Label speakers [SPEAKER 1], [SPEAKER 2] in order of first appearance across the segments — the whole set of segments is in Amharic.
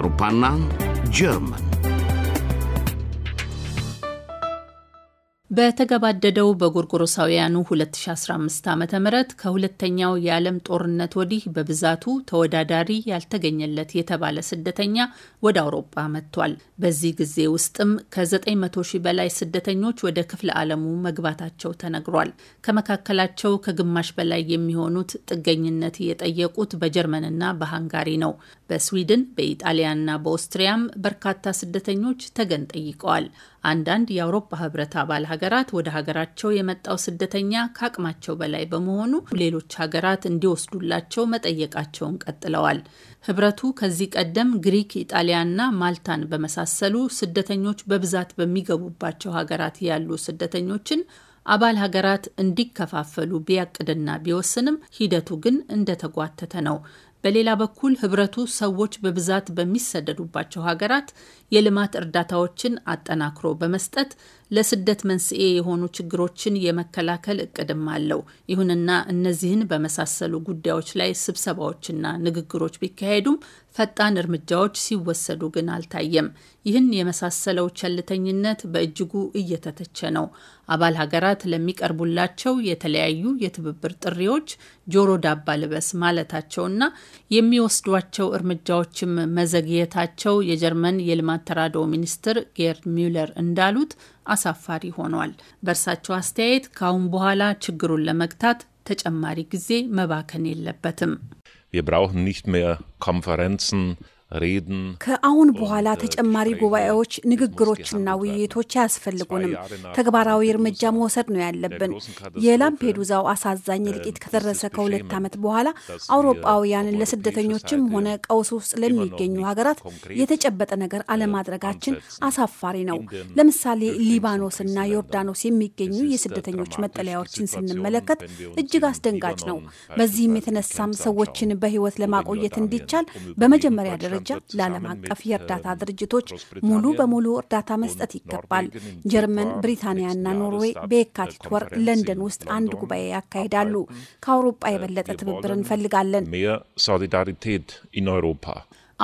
[SPEAKER 1] Rupanang, Jerman.
[SPEAKER 2] በተገባደደው በጎርጎሮሳውያኑ 2015 ዓ ም ከሁለተኛው የዓለም ጦርነት ወዲህ በብዛቱ ተወዳዳሪ ያልተገኘለት የተባለ ስደተኛ ወደ አውሮጳ መጥቷል። በዚህ ጊዜ ውስጥም ከ900 ሺህ በላይ ስደተኞች ወደ ክፍለ ዓለሙ መግባታቸው ተነግሯል። ከመካከላቸው ከግማሽ በላይ የሚሆኑት ጥገኝነት የጠየቁት በጀርመንና በሃንጋሪ ነው። በስዊድን በኢጣሊያና በኦስትሪያም በርካታ ስደተኞች ተገን ጠይቀዋል። አንዳንድ የአውሮፓ ህብረት አባል ሀገራት ሀገራት ወደ ሀገራቸው የመጣው ስደተኛ ከአቅማቸው በላይ በመሆኑ ሌሎች ሀገራት እንዲወስዱላቸው መጠየቃቸውን ቀጥለዋል። ህብረቱ ከዚህ ቀደም ግሪክ፣ ኢጣሊያና ማልታን በመሳሰሉ ስደተኞች በብዛት በሚገቡባቸው ሀገራት ያሉ ስደተኞችን አባል ሀገራት እንዲከፋፈሉ ቢያቅድና ቢወስንም ሂደቱ ግን እንደተጓተተ ነው። በሌላ በኩል ህብረቱ ሰዎች በብዛት በሚሰደዱባቸው ሀገራት የልማት እርዳታዎችን አጠናክሮ በመስጠት ለስደት መንስኤ የሆኑ ችግሮችን የመከላከል እቅድም አለው። ይሁንና እነዚህን በመሳሰሉ ጉዳዮች ላይ ስብሰባዎችና ንግግሮች ቢካሄዱም ፈጣን እርምጃዎች ሲወሰዱ ግን አልታየም። ይህን የመሳሰለው ቸልተኝነት በእጅጉ እየተተቸ ነው። አባል ሀገራት ለሚቀርቡላቸው የተለያዩ የትብብር ጥሪዎች ጆሮ ዳባ ልበስ ማለታቸውና የሚወስዷቸው እርምጃዎችም መዘግየታቸው የጀርመን የልማት ተራድኦ ሚኒስትር ጌርድ ሚውለር እንዳሉት አሳፋሪ ሆኗል። በእርሳቸው አስተያየት ከአሁን በኋላ ችግሩን ለመግታት ተጨማሪ ጊዜ መባከን
[SPEAKER 3] የለበትም። Wir ኒት ሜር ኮንፈረንስን
[SPEAKER 2] ከአሁን
[SPEAKER 1] በኋላ ተጨማሪ ጉባኤዎች፣ ንግግሮችና ውይይቶች አያስፈልጉንም። ተግባራዊ እርምጃ መውሰድ ነው ያለብን። የላምፔዱዛው አሳዛኝ እልቂት ከደረሰ ከሁለት ዓመት በኋላ አውሮጳውያን ለስደተኞችም ሆነ ቀውስ ውስጥ ለሚገኙ ሀገራት የተጨበጠ ነገር አለማድረጋችን አሳፋሪ ነው። ለምሳሌ ሊባኖስና ዮርዳኖስ የሚገኙ የስደተኞች መጠለያዎችን ስንመለከት እጅግ አስደንጋጭ ነው። በዚህም የተነሳም ሰዎችን በሕይወት ለማቆየት እንዲቻል በመጀመሪያ ደረጃ ደረጃ ለዓለም አቀፍ የእርዳታ ድርጅቶች ሙሉ በሙሉ እርዳታ መስጠት ይገባል። ጀርመን፣ ብሪታንያና ኖርዌይ በየካቲት ወር ለንደን ውስጥ አንድ ጉባኤ ያካሂዳሉ። ከአውሮፓ የበለጠ ትብብር
[SPEAKER 2] እንፈልጋለን።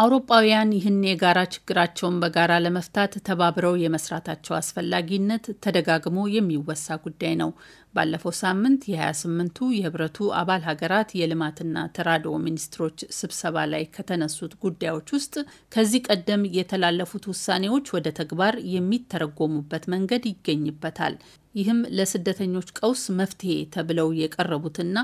[SPEAKER 2] አውሮፓውያን ይህን የጋራ ችግራቸውን በጋራ ለመፍታት ተባብረው የመስራታቸው አስፈላጊነት ተደጋግሞ የሚወሳ ጉዳይ ነው። ባለፈው ሳምንት የ28ቱ የህብረቱ አባል ሀገራት የልማትና ተራድኦ ሚኒስትሮች ስብሰባ ላይ ከተነሱት ጉዳዮች ውስጥ ከዚህ ቀደም የተላለፉት ውሳኔዎች ወደ ተግባር የሚተረጎሙበት መንገድ ይገኝበታል። ይህም ለስደተኞች ቀውስ መፍትሄ ተብለው የቀረቡትና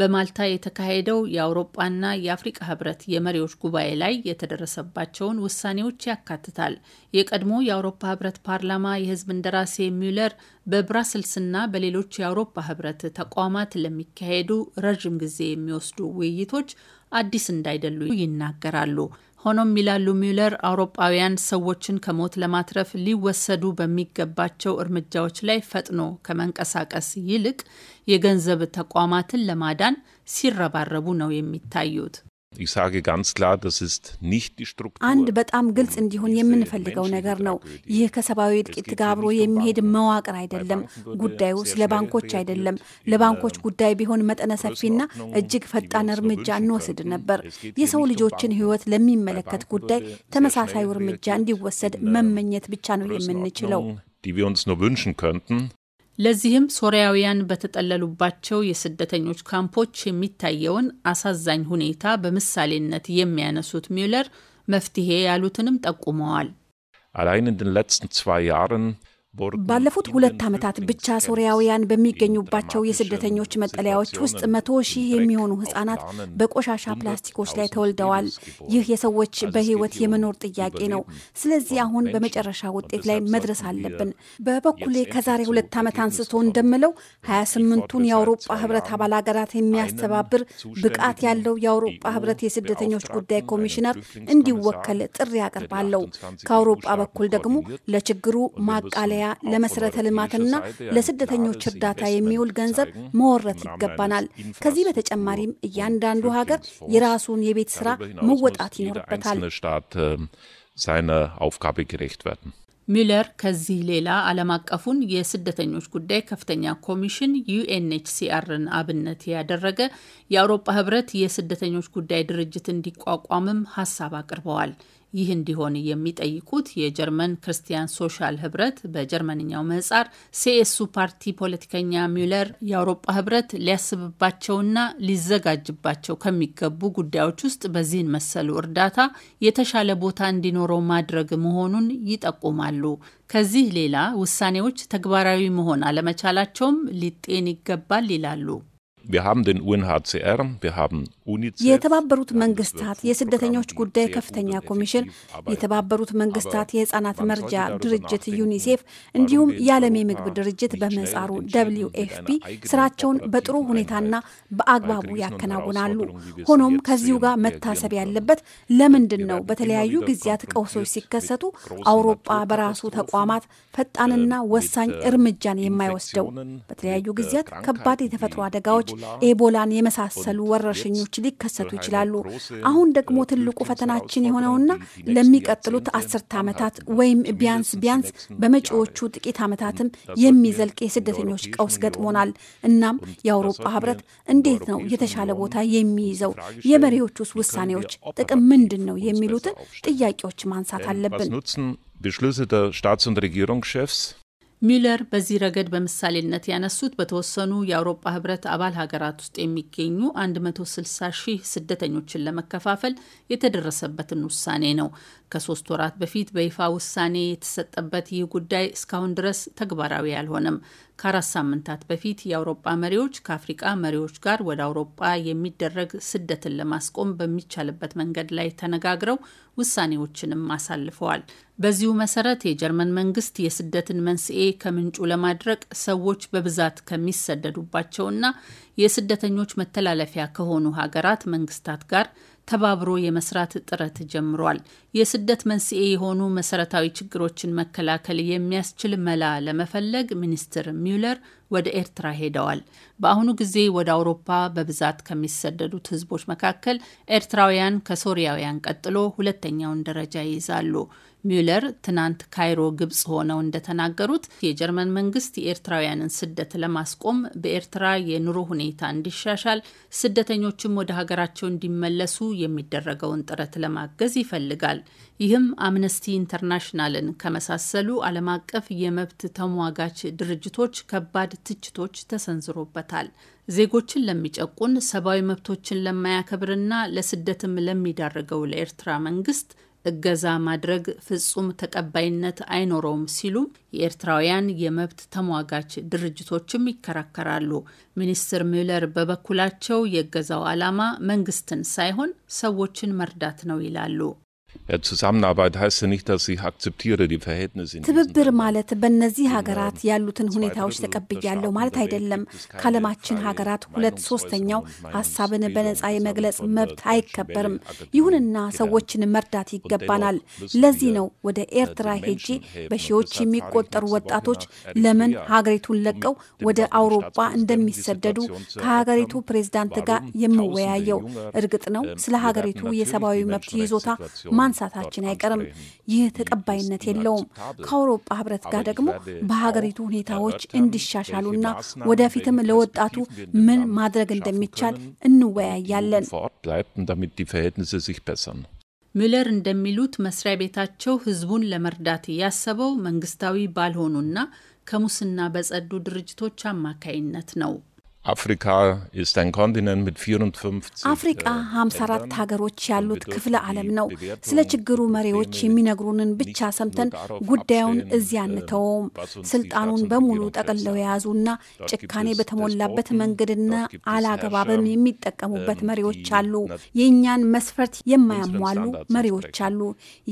[SPEAKER 2] በማልታ የተካሄደው የአውሮጳና የአፍሪቃ ህብረት የመሪዎች ጉባኤ ላይ የተደረሰባቸውን ውሳኔዎች ያካትታል። የቀድሞ የአውሮፓ ህብረት ፓርላማ የህዝብ እንደራሴ ሚለር በብራስልስና በሌሎች የአውሮፓ ህብረት ተቋማት ለሚካሄዱ ረዥም ጊዜ የሚወስዱ ውይይቶች አዲስ እንዳይደሉ ይናገራሉ። ሆኖም ይላሉ ሚለር አውሮጳውያን ሰዎችን ከሞት ለማትረፍ ሊወሰዱ በሚገባቸው እርምጃዎች ላይ ፈጥኖ ከመንቀሳቀስ ይልቅ የገንዘብ ተቋማትን ለማዳን ሲረባረቡ ነው የሚታዩት። አንድ በጣም um ግልጽ
[SPEAKER 1] እንዲሆን የምንፈልገው ነገር ነው። ይህ ከሰብአዊ እልቂት ጋር አብሮ um የሚሄድ መዋቅር አይደለም። ጉዳዩ ስለ ባንኮች አይደለም። ለባንኮች ጉዳይ ቢሆን መጠነ ሰፊና እጅግ ፈጣን እርምጃ እንወስድ ነበር። የሰው um ልጆችን ሕይወት ለሚመለከት ጉዳይ ተመሳሳዩ
[SPEAKER 2] እርምጃ እንዲወሰድ መመኘት ብቻ ነው የምንችለው። ለዚህም ሶሪያውያን በተጠለሉባቸው የስደተኞች ካምፖች የሚታየውን አሳዛኝ ሁኔታ በምሳሌነት የሚያነሱት ሚውለር መፍትሄ ያሉትንም
[SPEAKER 3] ጠቁመዋል። አላይን in ለትስን letzten ያርን
[SPEAKER 2] ባለፉት ሁለት ዓመታት
[SPEAKER 1] ብቻ ሶሪያውያን በሚገኙባቸው የስደተኞች መጠለያዎች ውስጥ መቶ ሺህ የሚሆኑ ህጻናት በቆሻሻ ፕላስቲኮች ላይ ተወልደዋል። ይህ የሰዎች በህይወት የመኖር ጥያቄ ነው። ስለዚህ አሁን በመጨረሻ ውጤት ላይ መድረስ አለብን። በበኩሌ ከዛሬ ሁለት ዓመት አንስቶ እንደምለው ሀያ ስምንቱን የአውሮፓ ህብረት አባል ሀገራት የሚያስተባብር ብቃት ያለው የአውሮፓ ህብረት የስደተኞች ጉዳይ ኮሚሽነር እንዲወከል ጥሪ አቀርባለሁ። ከአውሮጳ በኩል ደግሞ ለችግሩ ማቃለያ ማቆያ፣ ለመሰረተ ልማትና ለስደተኞች እርዳታ የሚውል ገንዘብ መወረት ይገባናል። ከዚህ በተጨማሪም እያንዳንዱ
[SPEAKER 2] ሀገር የራሱን የቤት ስራ መወጣት ይኖርበታል። ሚለር ከዚህ ሌላ ዓለም አቀፉን የስደተኞች ጉዳይ ከፍተኛ ኮሚሽን ዩኤንኤችሲአርን አብነት ያደረገ የአውሮፓ ህብረት የስደተኞች ጉዳይ ድርጅት እንዲቋቋምም ሀሳብ አቅርበዋል። ይህ እንዲሆን የሚጠይቁት የጀርመን ክርስቲያን ሶሻል ህብረት በጀርመንኛው ምህጻር ሲኤሱ ፓርቲ ፖለቲከኛ ሚለር የአውሮፓ ህብረት ሊያስብባቸውና ሊዘጋጅባቸው ከሚገቡ ጉዳዮች ውስጥ በዚህን መሰሉ እርዳታ የተሻለ ቦታ እንዲኖረው ማድረግ መሆኑን ይጠቁማሉ። ከዚህ ሌላ ውሳኔዎች ተግባራዊ መሆን አለመቻላቸውም ሊጤን ይገባል ይላሉ። የተባበሩት መንግስታት የስደተኞች ጉዳይ ከፍተኛ ኮሚሽን፣ የተባበሩት
[SPEAKER 1] መንግስታት የህፃናት መርጃ ድርጅት ዩኒሴፍ፣ እንዲሁም የዓለም የምግብ ድርጅት በምህጻሩ ደብሊው ኤፍፒ ስራቸውን በጥሩ ሁኔታና በአግባቡ ያከናውናሉ። ሆኖም ከዚሁ ጋር መታሰብ ያለበት ለምንድን ነው በተለያዩ ጊዜያት ቀውሶች ሲከሰቱ አውሮጳ በራሱ ተቋማት ፈጣንና ወሳኝ እርምጃን የማይወስደው? በተለያዩ ጊዜያት ከባድ የተፈጥሮ አደጋዎች፣ ኤቦላን የመሳሰሉ ወረርሽኞች ሊከሰቱ ይችላሉ። አሁን ደግሞ ትልቁ ፈተናችን የሆነውና ለሚቀጥሉት አስርተ ዓመታት ወይም ቢያንስ ቢያንስ በመጪዎቹ ጥቂት ዓመታትም የሚዘልቅ የስደተኞች ቀውስ ገጥሞናል። እናም የአውሮፓ ህብረት እንዴት ነው የተሻለ ቦታ የሚይዘው? የመሪዎች ውስጥ ውሳኔዎች ጥቅም ምንድን ነው? የሚሉትን ጥያቄዎች ማንሳት
[SPEAKER 2] አለብን። ሚለር በዚህ ረገድ በምሳሌነት ያነሱት በተወሰኑ የአውሮፓ ህብረት አባል ሀገራት ውስጥ የሚገኙ 160 ሺህ ስደተኞችን ለመከፋፈል የተደረሰበትን ውሳኔ ነው። ከሶስት ወራት በፊት በይፋ ውሳኔ የተሰጠበት ይህ ጉዳይ እስካሁን ድረስ ተግባራዊ አልሆነም። ከአራት ሳምንታት በፊት የአውሮጳ መሪዎች ከአፍሪቃ መሪዎች ጋር ወደ አውሮጳ የሚደረግ ስደትን ለማስቆም በሚቻልበት መንገድ ላይ ተነጋግረው ውሳኔዎችንም አሳልፈዋል። በዚሁ መሰረት የጀርመን መንግስት የስደትን መንስኤ ከምንጩ ለማድረቅ ሰዎች በብዛት ከሚሰደዱባቸውና የስደተኞች መተላለፊያ ከሆኑ ሀገራት መንግስታት ጋር ተባብሮ የመስራት ጥረት ጀምሯል። የስደት መንስኤ የሆኑ መሰረታዊ ችግሮችን መከላከል የሚያስችል መላ ለመፈለግ ሚኒስትር ሚውለር ወደ ኤርትራ ሄደዋል። በአሁኑ ጊዜ ወደ አውሮፓ በብዛት ከሚሰደዱት ህዝቦች መካከል ኤርትራውያን ከሶሪያውያን ቀጥሎ ሁለተኛውን ደረጃ ይይዛሉ። ሚለር ትናንት ካይሮ ግብጽ ሆነው እንደተናገሩት የጀርመን መንግስት የኤርትራውያንን ስደት ለማስቆም በኤርትራ የኑሮ ሁኔታ እንዲሻሻል፣ ስደተኞችም ወደ ሀገራቸው እንዲመለሱ የሚደረገውን ጥረት ለማገዝ ይፈልጋል። ይህም አምነስቲ ኢንተርናሽናልን ከመሳሰሉ ዓለም አቀፍ የመብት ተሟጋች ድርጅቶች ከባድ ትችቶች ተሰንዝሮበታል። ዜጎችን ለሚጨቁን፣ ሰብአዊ መብቶችን ለማያከብርና ለስደትም ለሚዳርገው ለኤርትራ መንግስት እገዛ ማድረግ ፍጹም ተቀባይነት አይኖረውም ሲሉ የኤርትራውያን የመብት ተሟጋች ድርጅቶችም ይከራከራሉ። ሚኒስትር ሚውለር በበኩላቸው የእገዛው ዓላማ መንግስትን ሳይሆን ሰዎችን መርዳት ነው ይላሉ። ትብብር ማለት በእነዚህ ሀገራት ያሉትን ሁኔታዎች
[SPEAKER 1] ተቀብያለሁ ማለት አይደለም። ከዓለማችን ሀገራት ሁለት ሶስተኛው ሀሳብን በነፃ የመግለጽ መብት አይከበርም። ይሁንና ሰዎችን መርዳት ይገባናል። ለዚህ ነው ወደ ኤርትራ ሄጄ በሺዎች የሚቆጠሩ ወጣቶች ለምን um ሀገሪቱን ለቀው ወደ አውሮፓ እንደሚሰደዱ ከሀገሪቱ ፕሬዝዳንት ጋር የምወያየው። እርግጥ ነው ስለ ሀገሪቱ የሰብአዊ መብት ይዞታ ማንሳታችን አይቀርም። ይህ ተቀባይነት የለውም። ከአውሮፓ ህብረት ጋር ደግሞ በሀገሪቱ ሁኔታዎች እንዲሻሻሉና ወደፊትም ለወጣቱ ምን ማድረግ እንደሚቻል እንወያያለን።
[SPEAKER 2] ሚለር እንደሚሉት መስሪያ ቤታቸው ህዝቡን ለመርዳት ያሰበው መንግስታዊ ባልሆኑና ከሙስና በጸዱ ድርጅቶች አማካይነት ነው።
[SPEAKER 3] አፍሪካ
[SPEAKER 1] ሀምሳ አራት ሀገሮች ያሉት ክፍለ ዓለም ነው። ስለ ችግሩ መሪዎች የሚነግሩንን ብቻ ሰምተን ጉዳዩን እዚያ አንተውም። ስልጣኑን በሙሉ ጠቅልለው የያዙና ጭካኔ በተሞላበት መንገድና አላግባብም የሚጠቀሙበት መሪዎች አሉ። የእኛን መስፈርት የማያሟሉ መሪዎች አሉ።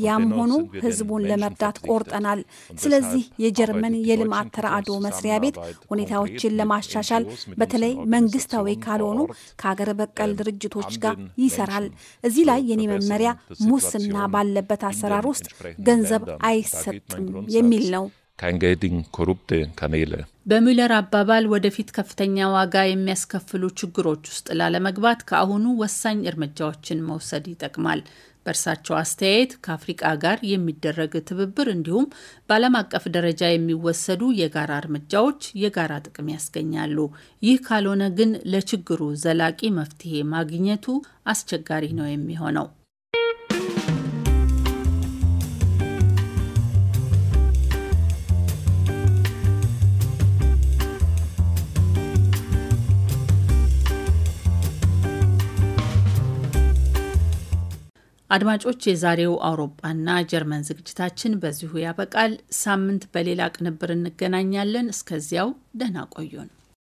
[SPEAKER 1] ያም ሆኖ ህዝቡን ለመርዳት ቆርጠናል። ስለዚህ የጀርመን የልማት ተራድኦ መስሪያ ቤት ሁኔታዎችን ለማሻሻል በተለይ በተለይ መንግስታዊ ካልሆኑ ከሀገር በቀል ድርጅቶች ጋር ይሰራል። እዚህ ላይ የኔ መመሪያ ሙስና ባለበት አሰራር ውስጥ
[SPEAKER 3] ገንዘብ አይሰጥም የሚል
[SPEAKER 2] ነው። በሚለር አባባል ወደፊት ከፍተኛ ዋጋ የሚያስከፍሉ ችግሮች ውስጥ ላለመግባት ከአሁኑ ወሳኝ እርምጃዎችን መውሰድ ይጠቅማል። በእርሳቸው አስተያየት ከአፍሪቃ ጋር የሚደረግ ትብብር እንዲሁም በዓለም አቀፍ ደረጃ የሚወሰዱ የጋራ እርምጃዎች የጋራ ጥቅም ያስገኛሉ። ይህ ካልሆነ ግን ለችግሩ ዘላቂ መፍትሄ ማግኘቱ አስቸጋሪ ነው የሚሆነው። አድማጮች፣ የዛሬው አውሮፓና ጀርመን ዝግጅታችን በዚሁ ያበቃል። ሳምንት በሌላ ቅንብር እንገናኛለን። እስከዚያው ደህና ቆዩን።